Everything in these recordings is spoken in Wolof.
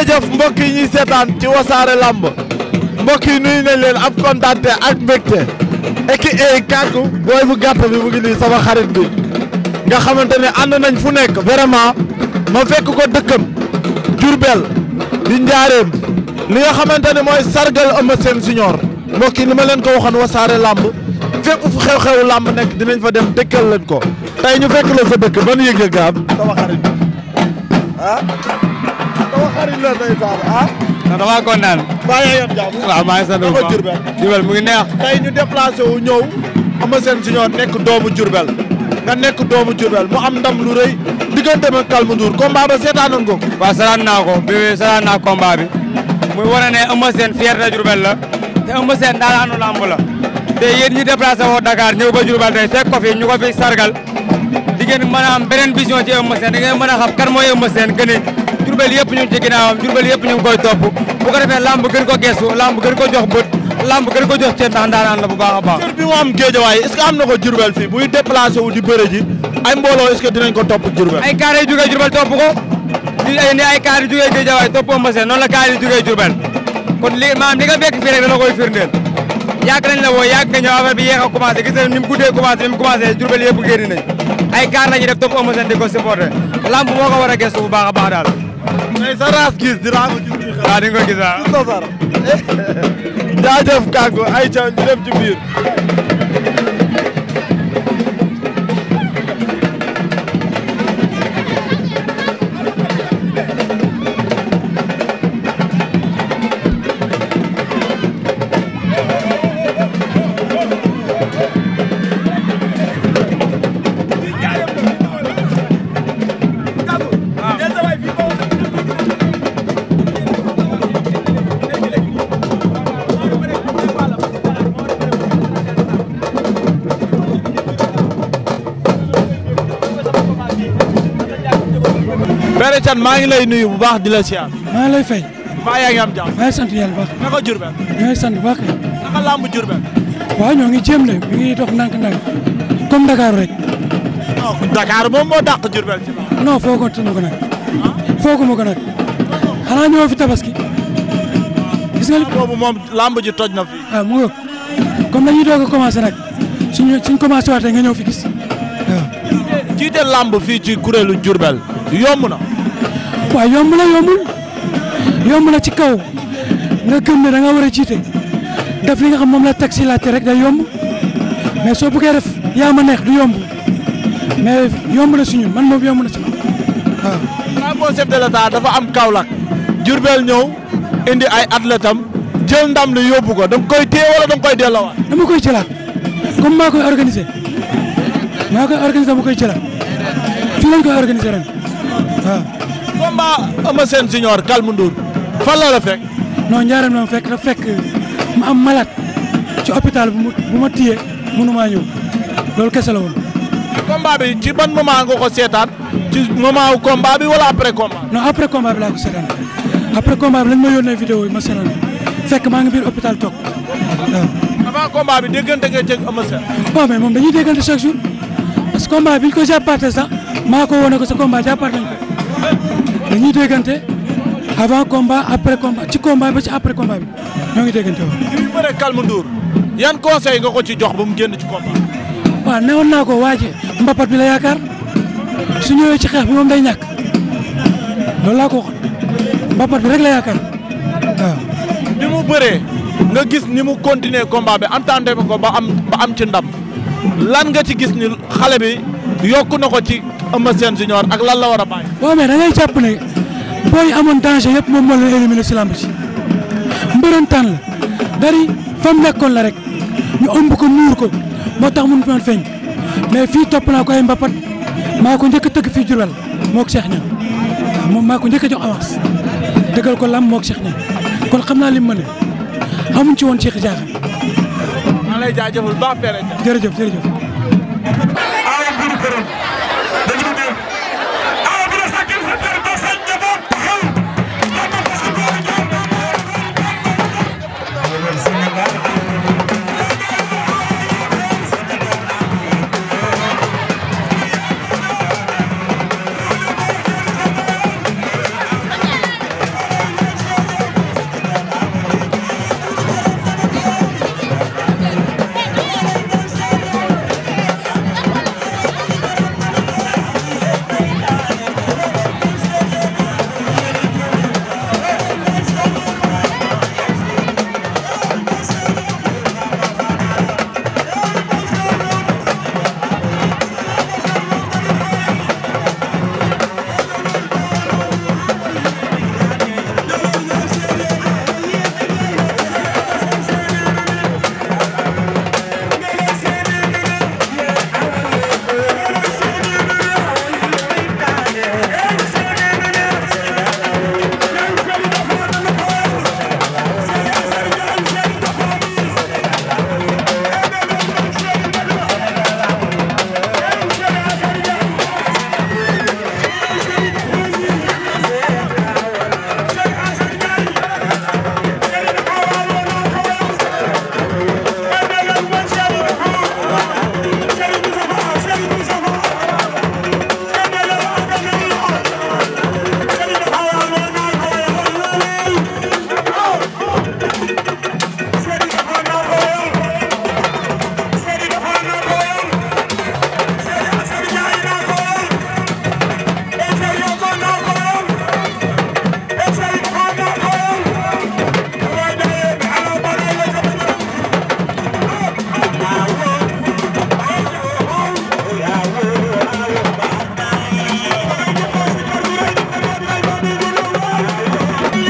jërëjëf mbokk yi ñuy seetaan ci wasaare lamb mbokk yi nuyu nañ leen ab kontaan ak mbégte eki ey eh, kàkku booy bu gàtt bi mu ngi nii xarit bi nga xamante ne ànd nañ fu nekk vraiment ma fekk ko dëkkam Jurbel di njaareem li nga xamante ne mooy sargal Eumeu Sène Junior mbokk yi ni ma leen ko waxoon wasaare lamb fépp fu xew-xewu lamb nekk dinañ fa dem dëkkal leen ko tey ñu fekk la sa dëkk ban yëg-yëg gaab sama xarit ah xarit la ndeysaan ah. non damaa kontaan. maa ngi yor jàmm. maa ngi sant bu baax mu ngi neex. tey ñu déplacé wu ñëw. Eumeu Sène Junior nekk doomu Diourbel. nga nekk doomu Diourbel mu am ndam lu rëy. diggante ak Calme Ndour combat ba seetaanoon ko. waaw naa ko bi seetaan naa combat muy wane ne Eumeu Sène fierté Diourbel la. te Eumeu Sène daanaanu lamb la. te yéen ñi déplacé woo ñëw ba Diourbel tey fekk ko fi ñu ko fi sargal. di ngeen mën a am ci Eumeu Sène da ngeen mën a xam kan mooy Eumeu Sène Jurbel yëpp ñu ngi ci ginnaawam Jurbel yëpp ñu ngi koy topp bu ko defee lamb gën ko geesu lamb gën ko jox bët lamb gën ko jox ceeb ndax ndaanaan la bu baax a baax. bi mu am géejawaay est-ce que am na ko Jurbel fii buy déplacé wu di bëre ji ay mbooloo est-ce que dinañ ko topp Jurbel. ay kaar yu jugee Jurbel topp ko di ni ay kaar yu jugee géejawaay toppoo Mbese noonu la kaar yu jugee Jurbel kon li maam li nga fekk fii rek dana koy firndeel yàgg nañ la woo yàgg nga ñëw affaire bi yéex a commencé gis ni mu guddee commencé ni mu commencé Jurbel yëpp génn nañ ay kaar la ñuy def topp Eumeu Sène di ko supporté lamb moo ko war a gëstu bu baax a baax daal tey sa raas gis dinaa ko gis nii xanaa di nga ko gis ah. jaajëf kàggu ayca ñu dem ci biir. Père Thiam maa ngi lay nuyu bu baax di la siyaar. maa ngi lay fay. mbaa sant yàlla bu baax. naka Diourbel. ñu ngi sant baax. naka làmb Diourbel. waaw ñoo ngi jéem de ngi dox ndànk-ndànk comme Dakar rek. non Dakar moom moo dàq Diourbel ci baax. non foogoo tënnu ko nag. foogu ñoo fi tabaski. gis nga li boobu moom làmb ji toj na fi. waaw ah, mu ngi comme dañuy doog a commencé nag suñu suñ commencé waatee nga ñëw fi gis waaw. jiite làmb fii ci kuréelu Diourbel yomb na. waaw yomb na yombul yomb na ci kaw nga gëm ne nga war a jiite def li nga xam moom la si laajte rek day yomb mais soo buggee def yaa ma neex du yomb mais yomb na si ñun man moom yomb na si man waaw. drapeau chef de l'État dafa am Kaolack. Diourbel ñëw indi ay athlètes jël ndam li yóbbu ko da nga koy téye wala da nga koy delloowaat. dama koy jëlaat comme maa koy organisé maa koy organisé dama koy jëlaat fii lañ koy organisé ren combat Eumeu Sène Junior Calme Ndour fan la la fekk. non njaaram la fekk fekk ma am malade ci hôpital bu ma bu ma téye mënumaa ñëw loolu kese la woon. combat bi ci ban moment nga ko seetaan ci moment wu combat bi wala après combat. non après combat bi laa ko seetaan après combat bi maa ngi biir hôpital toog waaw. avant combat bi déggante nga ceeg Eumeu Sène. waaw mais moom dañuy déggante chaque jour parce que combat bi ñu ko jàppaate sax maa ko woon ko sa combat jàppaat nañ ko. dañuy déggante avant comba après combat ci combat ba ci après combat bi ñoo ngi déggante woon. bi muy bëre Calme yan conseil nga ko ci jox ba mu génn ci combat. waaw newoon naa ko waa mbappat bi la yaakaar su ñëwee ci xeex bi moom day ñàkk loolu laa ko waxoon bi rek la yaakaar bi mu bëree nga gis ni mu continuer comba bi entendé ko ba am ba am ci ndam lan nga ci gis ni xale bi yokk na ko ci. Eumeu Sène junior ak lan la war a bàyyi. waaw mais da ngay jàpp ne booy amoon danger yëpp moom moo leen éliminé si lamb ci mbërëm la dari fa mu nekkoon la rek ñu ëmb ko muur ko moo tax mun naan feeñ mais fii topp naa ko ay mbapat maa ko njëkk a tëgg fii Diourbel moo ko Cheikh Niang maa ko njëkk a jox avance dëggal ko lamb moo ko Cheikh Niang kon xam naa li mu mën a amuñ ci woon Cheikh Diakha. maa lay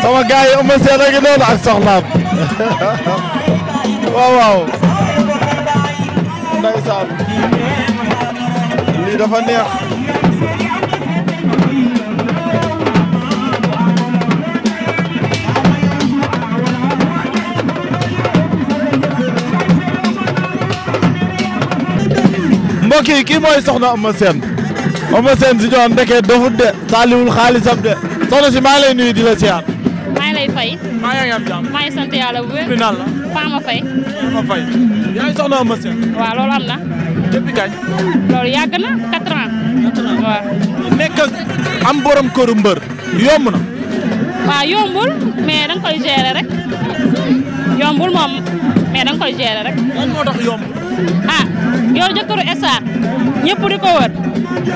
sama gars yi Eumeu Sène a ngi noonu ak soxnaam waaw waaw ndeysaan lii dafa neex mbokk yi kii mooy soxna Eumeu Sène Eumeu Sène si ñoom ndeke dofut de saaliwul xaalisam de soxna si maa lay nuyu di la siyaat maa ngi lay fay. maa yaa ngi am jàmm. maa ngi sant yàlla bu wér. bi naan la Fama Faye. Fama Faye. yaa loolu am na. loolu yàgg na 4 ans. 4 am borom këru mbër yomb na. waaw yombul mais da koy gérer rek yombul moom mais da koy gérer rek. a ah, yor jëkkëru star ñëpp di wër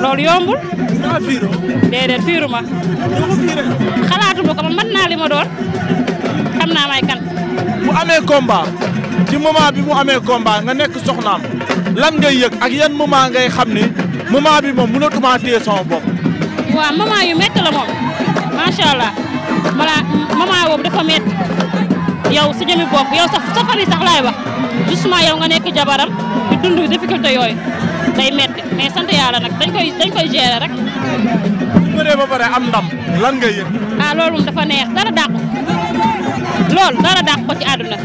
loolu yombul. daa fiiru. déedéet fiiru ma. xalaatu ma ko man ma doon xam naa may kan. bu amee combat ci moment bi mu amee combat nga nekk soxnaam lan ngay yëg ak yan moment ngay xam ni moment bi moom mënatuma téye sama bopp. waaw moment yu métti la moom macha allah mala moment boobu dafa métti yow su jëmi bopp yow sa sa famille justement yow nga nekk jabaram di dund difficulté yooyu day metti mais sant yàlla nag dañ koy dañ koy gérer rek. bu ba pare am ndam lan nga yëg. ah loolu moom dafa neex dara dàqu loolu dara dàqu ko ci àdduna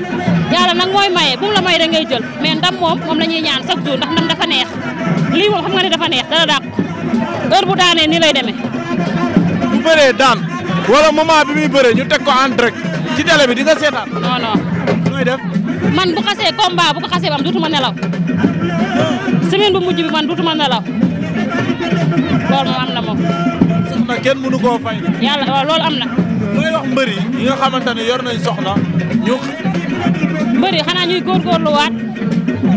yàlla nag mooy maye bu mu la may da ngay jël mais ndam moom moom la ñuy ñaan chaque jour ndax ndam dafa neex lii moom xam nga ne dafa neex dara dàqu heure bu daanee nii lay demee. bu bëree daan wala moment bi muy bëree ñu teg ko en direct ci télé bi di nga seetaan. man bu xasee combat bu ko xasee ba am duutuma nelaw semaine bu mujj bi man duutuma nelaw loolu moom am na moom. soxna kenn mënu koo fay. yàlla waaw loolu am na. looy wax mbëri yi nga xamante ne yor nañ soxna ñu. mbëri xanaa ñuy góorgóorlu waat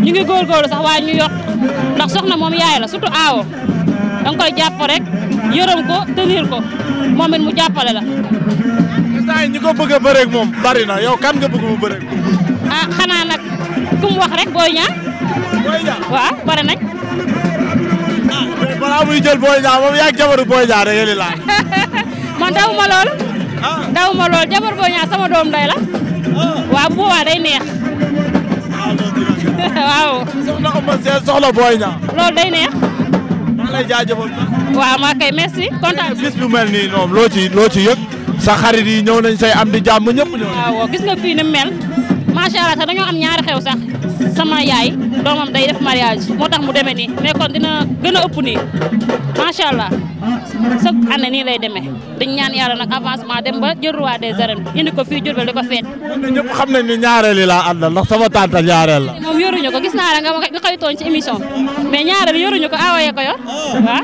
ñu ngi góorgóorlu sax waaye ñu yot ndax soxna moom yaay la surtout aawo da koy jàpp rek yërëm ko tenir ko moom it mu jàppale la. saa yi ñi ko bëgg a moom bari na yow kan nga bëgg mu bëreeg. ah xanaa nag ku wax rek Boy Niang. Boy Niang nañ. ah muy jël Boy Niang moom yaa ngi jabaru Boy Niang da ngeen di man daw lool. ah lool jabar Boy Niang sama doom day la. Ah. waaw bu boobaa day neex. Ah, waaw. soxla Eumeu Sène soxla Boy Niang. loolu day neex. maa lay jaajëfal. kay merci kontaan. bis bu mel nii noonu loo ci loo ci yëg. sa xarit yi ñëw nañ say am di jàmm ñëpp ñëw. waaw gis nga fii ni mel. macha allah sax dañoo am ñaari xew sax sama yaay doomam day def mariage moo tax mu demee nii mais kon dina gën a ëpp ni macha allah chaque nii lay demee dañ ñaan yàlla nag avancement dem ba jël roi des arènes indi ko fii Diourbel di ko feet. ñëpp xam nañ ni ñaareel yi laa àndal ndax sama tante ñaareel la. moom yoruñu ko gis naa la nga nga koy tooñ ci émission mais ñaareel yoruñu ko aawayee ko yor waaw.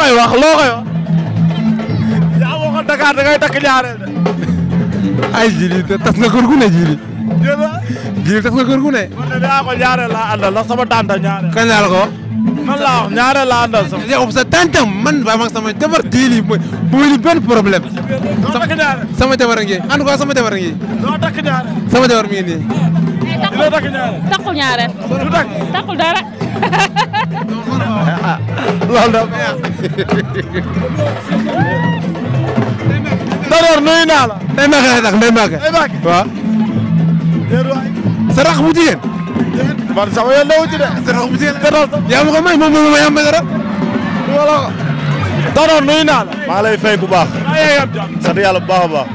koy wax loo koy wax. yaa waxoon Dakar da ngay takk ñaareel de. ay jili te tas nga kër gu ne jili. jili tas nga kër gu ne. man de yaa ko ñaareel laa àndal ndax sama tante ñaareel. kañ laa la ko wax. man laa wax ñaareel laa àndal sama. yow sa tantam man ba ma sama jabar diili mooy sama jabar a ngi ànd ko sama jabar a ngi. sama jabar mi ngi nii. Eh, dina Ah, ah loolu dafa neex. Tanor nuyu naa la. Ndeye Mbacke lay tax Ndeye Mbacke. sa rax bu jigéen. man sama yoon newu ci de. sa bu jigéen la yaa ma ko may naa la. bu baax. sant yàlla bu baax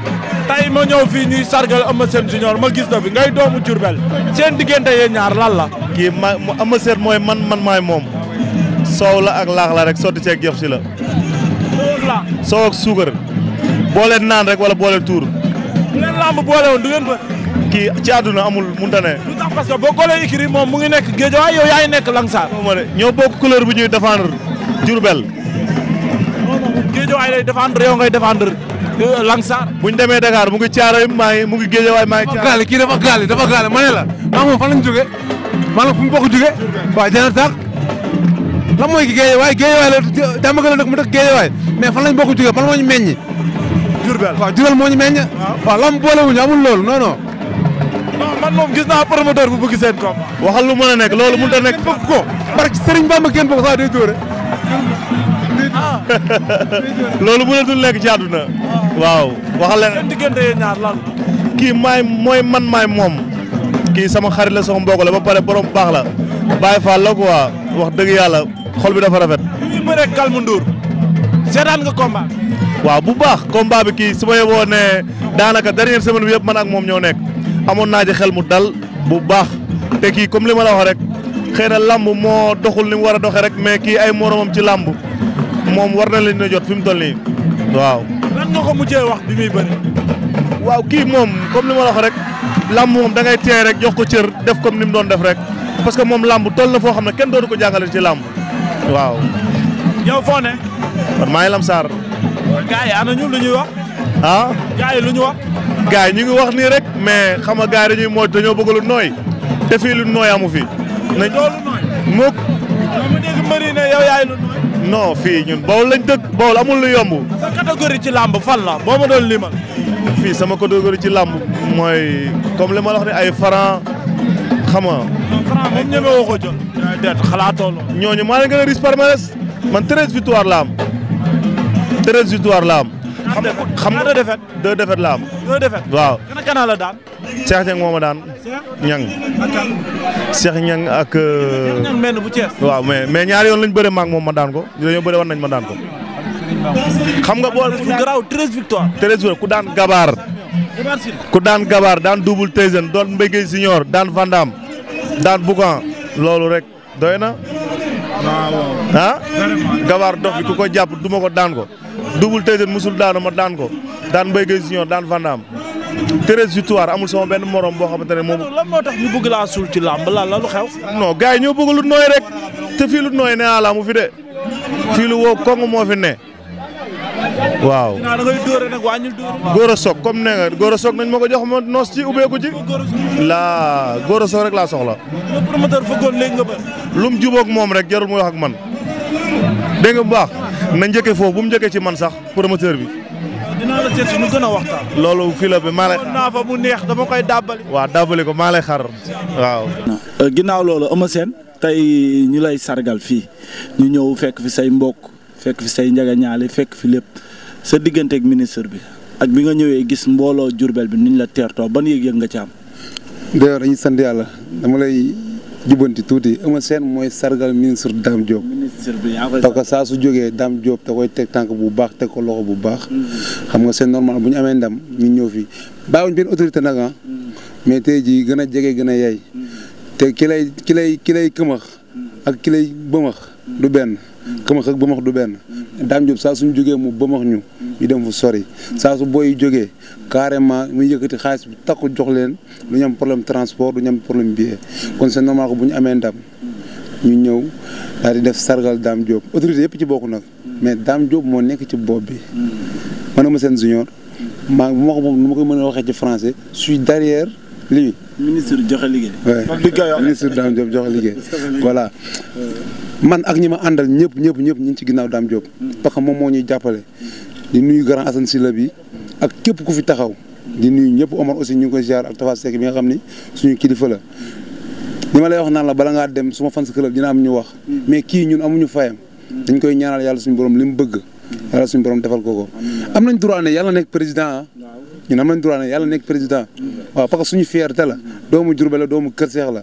a ma ñëw fii ñuy sargal Eumeu Sène junior ma gis na fi ngay doomu Diourbel seen diggante yee ñaar lan la. kii ma Eumeu mooy man man maay moom. soow la ak laax la rek sotti ceeg jox si la. soow ak suukar. boo leen naan rek wala boole leen tuur. bu leen làmb du ngeen bër. kii ci àdduna amul mënta ne. lu parce que boo ko leen écrit moom mu ngi nekk géej waaye yow yaay nekk Langsar. ñoo bokk couleur bu ñuy défendre Diourbel. géejawaay lay défendre yow ngay défendre euh, Langsar. bu ñu demee Dakar mu ngi Thiaroye maa ngi mu ngi géejawaay maa ngi. dafa gaale kii dafa gaale dafa gaale ma ne la. maa moom fan lañ jógee maa moom fu mu bokk jógee. waa lan mooy géejewaay géejewaay la Diamaguène la dëkk mu dëkk géejewaay mais fan lañ bokk jógee fan moo ñu meññ. Diourbel waaw Diourbel moo ñu meññ. waaw lan boolewuñu amul loolu non man moom gis naa promoteur bu bëgg seen koom. a nekk loolu mënut a nekk. bokk ko parce que Serigne Bamba kenn bu ne dul nekk ci àdduna. Ah. waaw man maay moom. kii sama xarit la sama mbokk la ba pare borom baax la. bàyyi faal la wax dëgg yàlla xol bi dafa rafet. bi muy bëree Kalmu Ndour seetaan nga combat. waaw bu baax combat bi kii su ma yeboo nee daanaka dernière semaine bi yëpp man ak moom ñoo nekk amoon naa ci xel mu dal bu baax te kii comme li ma la rek xëy na lamb moo doxul ni mu war a doxee rek mais kii ay moromam ci làmb moom war na leen a jot fi mu toll nii waaw. lan nga ko mujjee wax bi muy bëri. waaw kii moom comme li ma rek lamb moom da ngay teey rek jox ko cër def comme ni mu doon def rek parce que moom lamb toll kenn dootu ko jàngale ci lamb. waaw. yow foo ne. man maa ngi Lamsaar. gaa yi ana ñu ñuy wax. ah. gaa lu ñu wax. gaa yi ñu ngi wax nii rek mais xam nga gaa yi dañuy mooj dañoo bëgg nooy. te fii lu nooy amu fi. nañ loolu nooy. moog. ñoom mu dégg lu nooy. fii ñun Bawol lañ dëkk Bawol yomb. ci làmb fan la boo ma doon limal. fii sama catégorie ci làmb mooy comme li ma la wax ay franc xam nga. franc moom ñeme jot. déet xalaatoo lool. ñooñu maa leen gën a riche palmarès man treize victoire la am treize victoire la am. xam nga deux défaites la am. deux défaites waaw. kan ak kan a daan. Cheikh Niang moo ma daan. Niang Cheikh Niang ak. Cheikh Niang euh, mel bu Thiès. waaw mais mais ñaari yoon lañ bëre ma ak moom ma daan ko dañoo bëre war nañ ma daan ko. xam nga boo. garaaw treize victoire. treize victoire ku daan gabaar. ku daan gabaar daan double Tyson doon Mbengue Senior daan Vandam daan Bougan loolu rek. doy na. waaw ah. gabaar dox bi ko jàpp duma ko daan ko. double Tyson musul daanu ma daan ko daan Mbaye Guèye Junior daan Vandam. treize victoire amul sama benn morom boo xamante ne moom. lan moo tax ñu bëgg suul ci la nooy rek te fii nooy nee naa la mu fi de fii lu woo koŋŋ ne. waaw. góor a sook comme nee nga góor a soog nañ ma ko jox ma noos ci ubbeeku ci. laa góor a soog rek laa soxla. le promoteur fëggoon léegi nga lu mu jubóog moom rek jarul muy wax ak man dégg nga bu baax na njëkkee foofu bu mu njëkkee ci man sax promoteur bi. dinaa a waxtaan. loolu fii la bi maa lay. neex dama koy dàbbali. waaw dàbbali ko maa lay xar waaw. ginnaaw loolu Eumeu Sène tey ñu lay sargal fii ñu ñëw fekk fi say mbokk. fekk fi say njagañaale fekk fi lépp sa digganteeg ministre bi ak bi nga ñëwee gis mbooloo Jurbel bi niñ la teertoo ban yëg-yëg nga ci am. d'ailleurs dañuy sant yàlla dama lay jubbanti tuuti Eumeu seen mooy sargal ministre Dame joob ministre bi yaa koy parce saa su jógee Dame Diop da koy teg tànk bu baax te ko loxo bu baax. Mm-hmm. xam nga seen normal bu ñu amee ndam ñu ñëw fii bàyyiwuñ benn autorité nag ah. mm-hmm. mais te ji gën a jege gën a yey. Mm-hmm. te ki lay ki lay ki këmax. ak ki lay bëmax. du benn. këmax ak bëmax du benn daam jób saa suñ jógee mu bëmax ñu ñu dem fu sori saa su booy jógee carrément muy yëkkati xaalis bi takku jox leen du ñu am problème transport du ñu am problème billet kon c'est normal ko bu ñu amee ndam ñu ñëw daal di def sargal Dame Diop autorité yëpp ci bokk nag mais Dame Diop moo nekk ci bopp bi man ma seen junior maa bu ma ko moom nu ma ko mën a waxee ci français suy derrière lii. ministre joxe liggéey. waaw ministre Dame Diop liggéey. voilà man ak ñi ma àndal ñëpp ñëpp ñëpp ñu ngi ci ginnaaw Dame Diop. Mm. parce que moom moo ñuy jàppale. di nuyu grand Assane Sylla bi ak képp ku fi taxaw. di nuyu ñëpp Omar aussi ñu ngi koy ziar ak Tafa Seck bi nga xam ni suñu kilifa la. li ma wax naan la bala ngaa dem suma fans club dina am ñu wax. Mm. mais kii ñun amuñu fayam. Mm. dañ koy ñaanal yàlla suñu borom li mu bëgg. yàlla suñu borom defal ko ko. am nañ droit ne droit ne yàlla nekk président. Ah. waaw parce que suñu fierté la doomu Diourbel la doomu Kër Seex la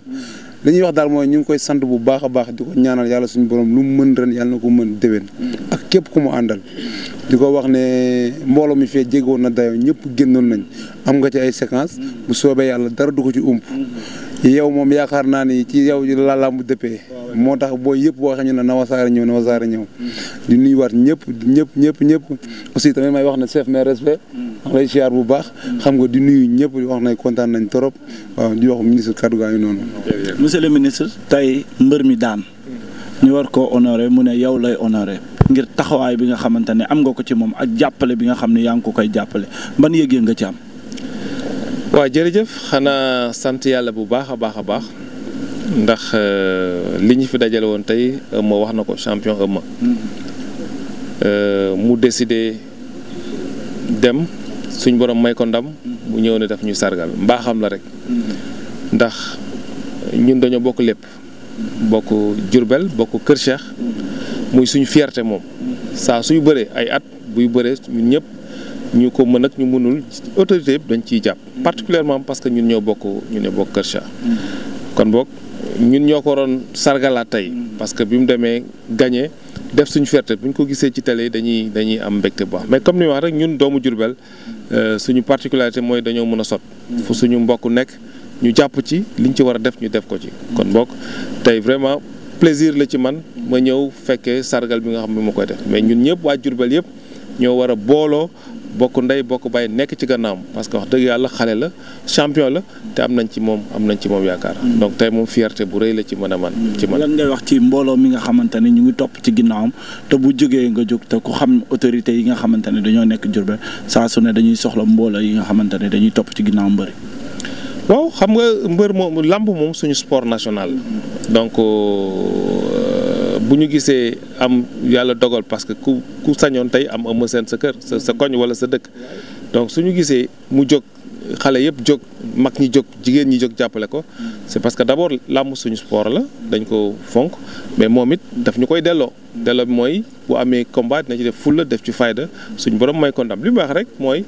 li ñuy wax daal mooy ñu ngi koy sant bu baax a baax di ko ñaanal yàlla suñu borom lu mu mën ren yàlla na ko mën déwén ak képp ku mu àndal di ko wax ne mbooloo mi fee jégoon na dayoo ñëpp génnoon nañ am nga ci ay séquence bu soobee yàlla dara du ko ci ump yow moom yaakaar naa ni ci yow la làmb dëppee moo tax booy yëpp boo xam ne na wasaare ñëw na wasaare ñëw di nuyuwaat ñëpp ñëpp ñëpp ñëpp aussi tamit may wax ne chef mais respect wax lay bu baax xam nga di nuyu ñëpp wax ne kontaan nañ trop waaw di wax ministre kaddu noonu monsieur le ministre tey mbër mi daan ñu war koo honoré mu ne yow lay honoré ngir taxawaay bi nga xamante ne am nga ko ci moom ak jàppale bi nga xam ne yaa ngi ko koy jàppale ban yëg nga ci am waa jërëjëf xanaa sant yàlla bu baax a baax a baax ndax euh, li ñu fi dajale woon tey ëmma wax na ko champion ëmma mm-hmm. euh, mu décidé dem suñ borom may ko ndam mm-hmm. mu ñëw ne daf ñuy sargal mbaaxam la rek mm-hmm. ndax ñun dañoo bokk lépp bokk Jurbel bokk Kër Cheikh muy suñu fierté moom saa suy bëree ay at buy bëree ñun ñëpp ñu ko mën ak ñu mënul autorité yëpp dañ ciy jàpp. Mm-hmm. particulièrement parce que ñun ñoo bokk ñu ne bokk Kër Cheikh. Mm-hmm. kon boog ñun ñoo ko waroon sargalaat tey. Mm-hmm. parce que bi mu demee gagné def suñu fierté bu ñu ko gisee ci télé dañuy dañuy am mbégte bu baax mais comme ni wax rek ñun doomu Jurbel euh, suñu particularité mooy dañoo mën a sot. fu suñu mbokk nekk ñu jàpp ci li liñ ci war a def ñu def ko ci. kon boog tey vraiment plaisir la ci man ma ñëw fekkee sargal bi nga xam ne ma koy def mais ñun ñëpp waa Jurbel yëpp ñoo war a booloo bokk ndey bokk bàyyi nekk ci gannaam parce que wax dëgg yàlla xale la champion la te am nañ ci moom am nañ ci moom yaakaar. Mm. donc tey moom fierté bu rëy la ci mën ci man ngay wax ci mbooloo mi nga xamante ne ñu ngi topp ci ginnaawam te bu jógee nga jóg te ku xam autorité yi nga xamante ne dañoo nekk Diourbel saa su ne dañuy soxla mbooloo yi nga xamante ne dañuy topp ci ginnaawam bëri. waaw xam nga mbër moom làmb moom suñu sport national mm-hmm. donc. Euh, bu ñu gisee am yàlla dogal parce que ku ku sañoon tey am Eumeu Sène sa kër sa sa koñ wala sa dëkk donc su ñu gisee mu jóg xale yëpp jóg mag ñi jóg jigéen ñi jóg jàppale ko c'est parce que d'abord làmb suñu sport la dañ ko fonk mais moom it daf ñu koy delloo delloo bi mooy bu amee combat dina ci def fulla def ci fayda suñu borom may ko ndam li baax rek mooy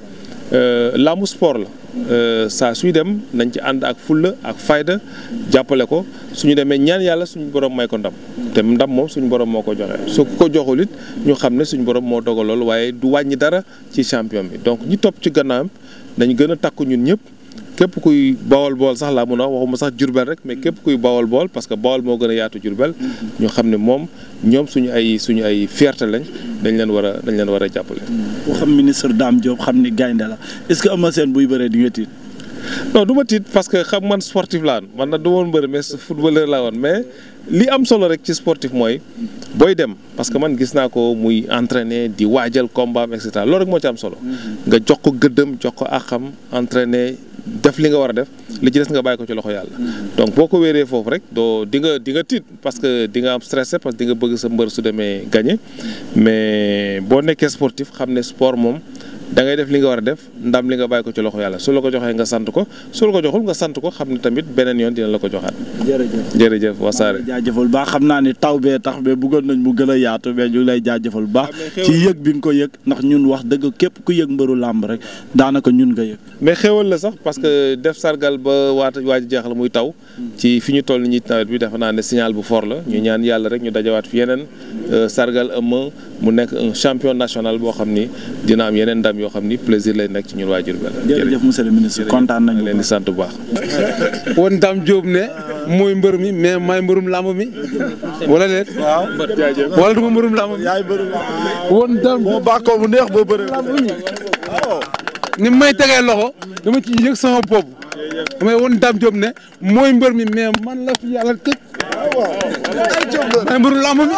euh, làmb sport la Euh, saa suy dem nañ ci ànd ak fulla ak fayda jàppale ko su ñu demee ñaan yàlla suñu borom may ko ndam te ndam moom suñu borom moo ko joxe su ko joxul it ñu xam ne suñu borom moo dogal lool waaye du wàññi dara ci champion bi donc ñi topp ci gannaawam nañ gën a takku ñun ñëpp. képp kuy bawol bool sax laa mun a waxuma sax jurbel rek mais képp kuy bawol bool parce que bawol moo gën a yaatu jurbel ñu xam ne moom ñoom suñu ay suñu ay fierté lañ dañ leen war a dañ leen war a jàppale. ku xam ministre Dame Diop xam ni gaynde la est-ce que Eumeu Sène buy bëree di nga tiit. non du ma tiit parce que xam man sportif laa woon man nag du ma woon mbër mais footballeur laa woon mais li am solo rek ci sportif mooy booy dem parce que man gis naa ko muy entraîner di waajal combat am et moo ci am solo. Mm-hmm. nga jox ko gëddëm jox ko àqam entraîner. def li nga war a def li ci des nga bàyyi ko ci loxo yàlla donc boo ko wéeree foofu rek doo dinga dinga di tiit parce que di nga am stressé parce que dinga bëgg sa mbër su demee gagné mais boo nekkee sportif xam ne sport moom da ngay def li nga war a def ndam li nga bàyyi ko ci loxo yàlla su la ko joxee nga sant ko su la ko joxul nga sant ko xam ne tamit beneen yoon dina la ko joxaat. jërëjëf jërëjëf wasaare. jaajëfal baax xam naa ni taw bee tax mais bëggoon nañ mu gën a yaatu mais ñu lay jaajëfal bu baax. Ah, ci yëg bi nga ko yëg ndax ñun wax dëgg képp ku yëg mbëru làmb rek daanaka ñun nga yëg. mais xéwal la sax parce que def sargal ba waata waa ji jeexal muy taw. ci fi ñu toll nii nawet bi dafa naa ne signal bu fort la ñu ñaan yàlla rek ñu dajawaat fi yeneen euh, sargal Eumeu mu nekk un champion national boo xam ni dina am yeneen ndam programme yoo xam ni plaisir lay nekk ci ñun waa Diourbel. jërëjëf kontaan nañu leen di sant bu baax. won Dame Diop ne mooy mbër mi mais maay mbërum làmb mi wala leen. waaw wala du ma mbërum yaay mbërum won Dame Diop boo bàkkoo bu neex boo bëree. ni may tegee loxo dama ci yëg sama bopp damay won Dame Diop ne mbër mi mais man la fi yàlla tëj. waaw waaw mbërum làmb mi.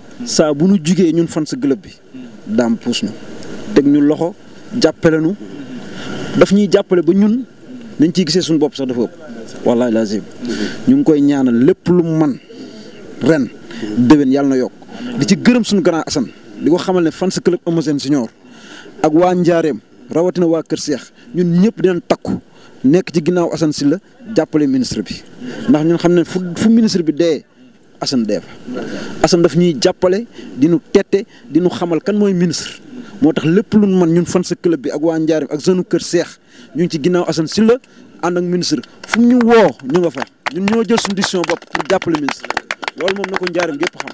saa bu nu jugee ñun fan sa club bi daam puus ñu teg ñu loxo jàppale nu daf ñuy jàppale ba ñun nañ ciy gisee suñu bopp sax dafa ëpp wallahi lazim ñu ngi koy ñaanal lépp lu man ren déwén yàlla na yokk di ci gërëm suñu grand Assane di ko xamal ne fan sa club Eumeu Sène Junior ak waa Njaareem rawatina waa Kër Seex ñun ñëpp dinañ takku nekk ci ginnaaw Assane Sylla jàppale ministre bi ndax ñun xam ne fu ministre bi dee Assane Deva Assane daf ñuy jàppale di ñu tette di ñu xamal kan mooy ministre moo tax lépp lu man ñun fan sa club bi ak waa Njaareem ak jeune kër Seex ñu ngi ci ginnaaw Assane Sylla ànd a ministre fu mu ñu woo ñu nga fa ñun ñoo jël suñu décision bopp pour jàppale loolu moom na ko Njaareem gépp xam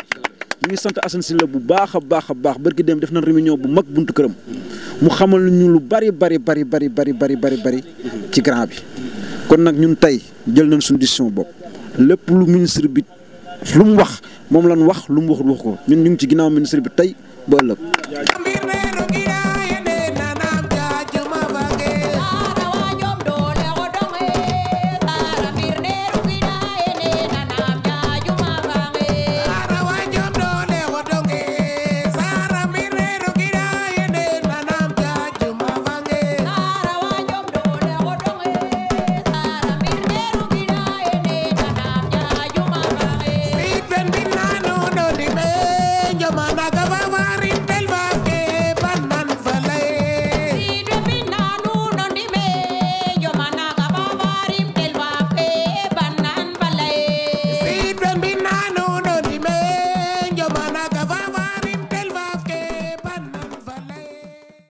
ñu ngi sant Assane Sylla bu baax a baax a baax barki dem def nañ réunion bu mag buntu këram mu xamal ñu lu bari bari bari bari bari bari bari bari ci grand bi kon nag ñun tey jël nañ suñu décision bopp lépp lu mu wax moom lan wax lu mu waxut wax ko ñun ñu ngi ci ginnaaw ministre bi tey ba ëllëg